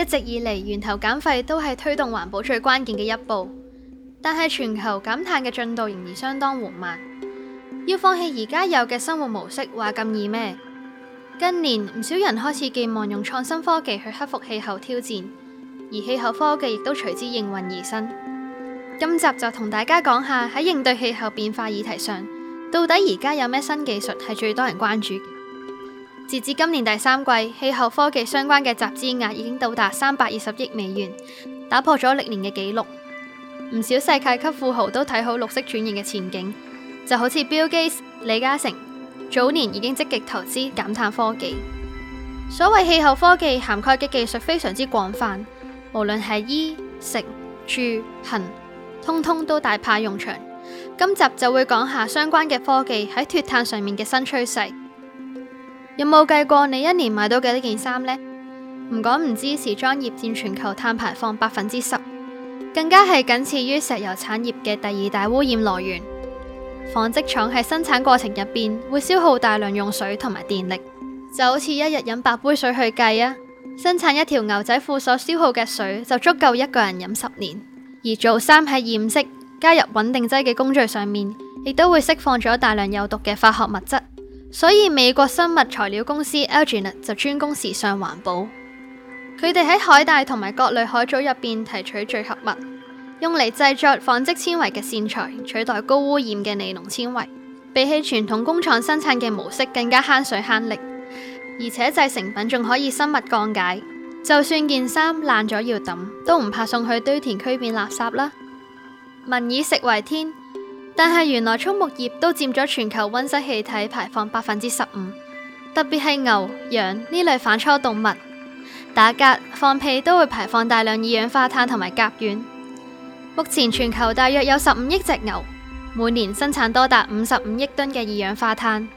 一直以嚟，源頭減廢都係推動環保最關鍵嘅一步，但係全球減碳嘅進度仍然相當緩慢。要放棄而家有嘅生活模式，話咁易咩？近年唔少人開始寄望用創新科技去克服氣候挑戰，而氣候科技亦都隨之應運而生。今集就同大家講下喺應對氣候變化議題上，到底而家有咩新技術係最多人關注？截至今年第三季，氣候科技相關嘅集資額已經到達三百二十億美元，打破咗歷年嘅紀錄。唔少世界級富豪都睇好綠色轉型嘅前景，就好似 Bill Gates、李嘉誠，早年已經積極投資減碳科技。所謂氣候科技涵蓋嘅技術非常之廣泛，無論係衣、食、住、行，通通都大派用場。今集就會講下相關嘅科技喺脫碳上面嘅新趨勢。有冇計過你一年買到幾多件衫呢？唔講唔知，時裝業佔全球碳排放百分之十，更加係僅次於石油產業嘅第二大污染來源。紡織廠喺生產過程入邊會消耗大量用水同埋電力，就好似一日飲八杯水去計啊！生產一條牛仔褲所消耗嘅水就足夠一個人飲十年。而做衫喺染色、加入穩定劑嘅工序上面，亦都會釋放咗大量有毒嘅化學物質。所以美國生物材料公司 AlgiKnit 就專攻時尚環保，佢哋喺海帶同埋各類海藻入邊提取聚合物，用嚟製作紡織纖維嘅線材，取代高污染嘅尼龍纖維。比起傳統工廠生產嘅模式，更加慳水慳力，而且製成品仲可以生物降解。就算件衫爛咗要抌，都唔怕送去堆填區變垃圾啦。民以食為天。但係原來畜牧業都佔咗全球温室氣體排放百分之十五，特別係牛羊呢類反芻動物，打嗝放屁都會排放大量二氧化碳同埋甲烷。目前全球大約有十五億隻牛，每年生產多達五十五億噸嘅二氧化碳，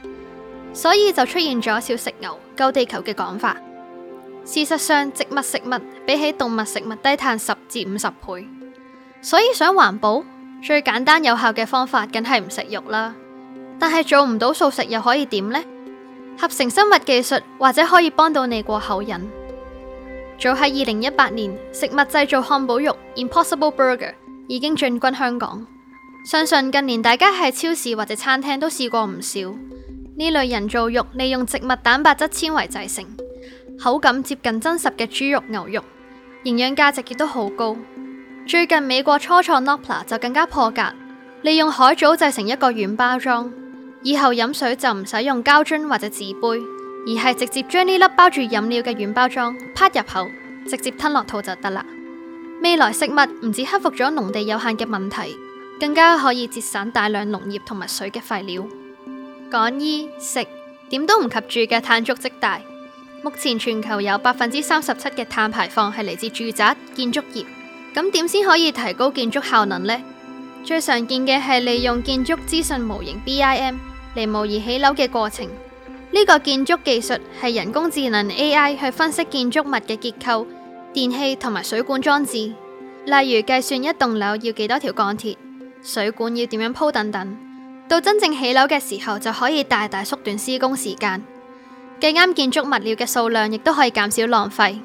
所以就出現咗少食牛救地球嘅講法。事實上，植物食物比起動物食物低碳十至五十倍，所以想環保。最簡單有效嘅方法，梗係唔食肉啦。但係做唔到素食又可以點呢？合成生物技術或者可以幫到你過口癮。早喺二零一八年，食物製造漢堡肉 （Impossible Burger） 已經進軍香港。相信近年大家喺超市或者餐廳都試過唔少呢類人造肉，利用植物蛋白質纖維製成，口感接近真實嘅豬肉、牛肉，營養價值亦都好高。最近美國初創 Nopla 就更加破格，利用海藻製成一個軟包裝，以後飲水就唔使用膠樽或者紙杯，而係直接將呢粒包住飲料嘅軟包裝拍入口，直接吞落肚就得啦。未來食物唔止克服咗農地有限嘅問題，更加可以節省大量農業同埋水嘅廢料。講衣食點都唔及住嘅碳足跡大，目前全球有百分之三十七嘅碳排放係嚟自住宅建築業。咁點先可以提高建築效能呢？最常見嘅係利用建築資訊模型 BIM 嚟模擬起樓嘅過程。呢個建築技術係人工智能 AI 去分析建築物嘅結構、電器同埋水管裝置，例如計算一棟樓要幾多條鋼鐵，水管要點樣鋪等等。到真正起樓嘅時候，就可以大大縮短施工時間，計啱建築物料嘅數量，亦都可以減少浪費。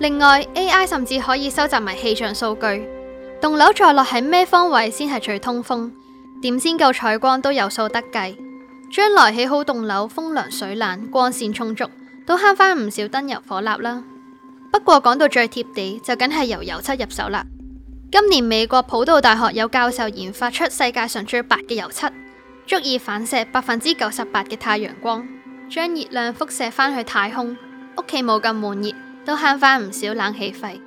另外，AI 甚至可以收集埋氣象數據，棟樓再落喺咩方位先係最通風，點先夠採光都有數得計。將來起好棟樓，風涼水冷，光線充足，都慳翻唔少燈油火蠟啦。不過講到最貼地，就梗係由油漆入手啦。今年美國普渡大學有教授研發出世界上最白嘅油漆，足以反射百分之九十八嘅太陽光，將熱量輻射返去太空，屋企冇咁悶熱。都慳翻唔少冷氣費。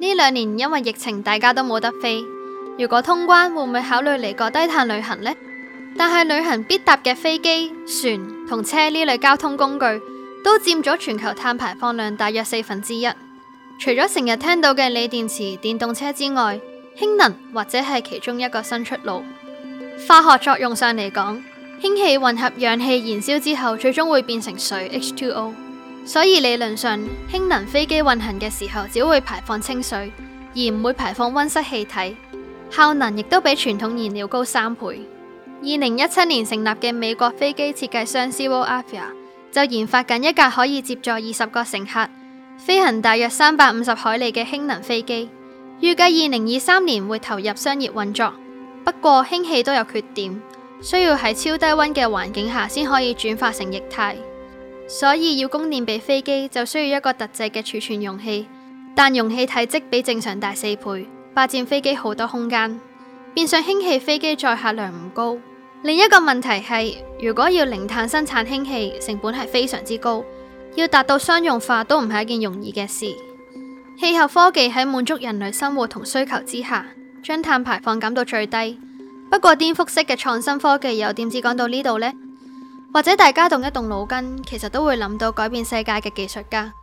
呢兩年因為疫情，大家都冇得飛。如果通關，會唔會考慮嚟個低碳旅行呢？但係旅行必搭嘅飛機、船同車呢類交通工具，都佔咗全球碳排放量大約四分之一。除咗成日聽到嘅鋰電池、電動車之外，氫能或者係其中一個新出路。化學作用上嚟講，氫氣混合氧氣燃燒之後，最終會變成水 （H2O）。H 所以理論上，氫能飛機運行嘅時候只會排放清水，而唔會排放溫室氣體，效能亦都比傳統燃料高三倍。二零一七年成立嘅美國飛機設計商 ZeroAvia 就研發緊一架可以接載二十個乘客、飛行大約三百五十海里嘅氫能飛機，預計二零二三年會投入商業運作。不過氫氣都有缺點，需要喺超低溫嘅環境下先可以轉化成液態。所以要供電俾飛機，就需要一個特製嘅儲存容器，但容器體積比正常大四倍，霸占飛機好多空間。變相氫氣飛機載客量唔高。另一個問題係，如果要零碳生產氫氣，成本係非常之高，要達到商用化都唔係一件容易嘅事。氣候科技喺滿足人類生活同需求之下，將碳排放減到最低。不過顛覆式嘅創新科技又點止講到呢度呢？或者大家動一動腦筋，其實都會諗到改變世界嘅技術家。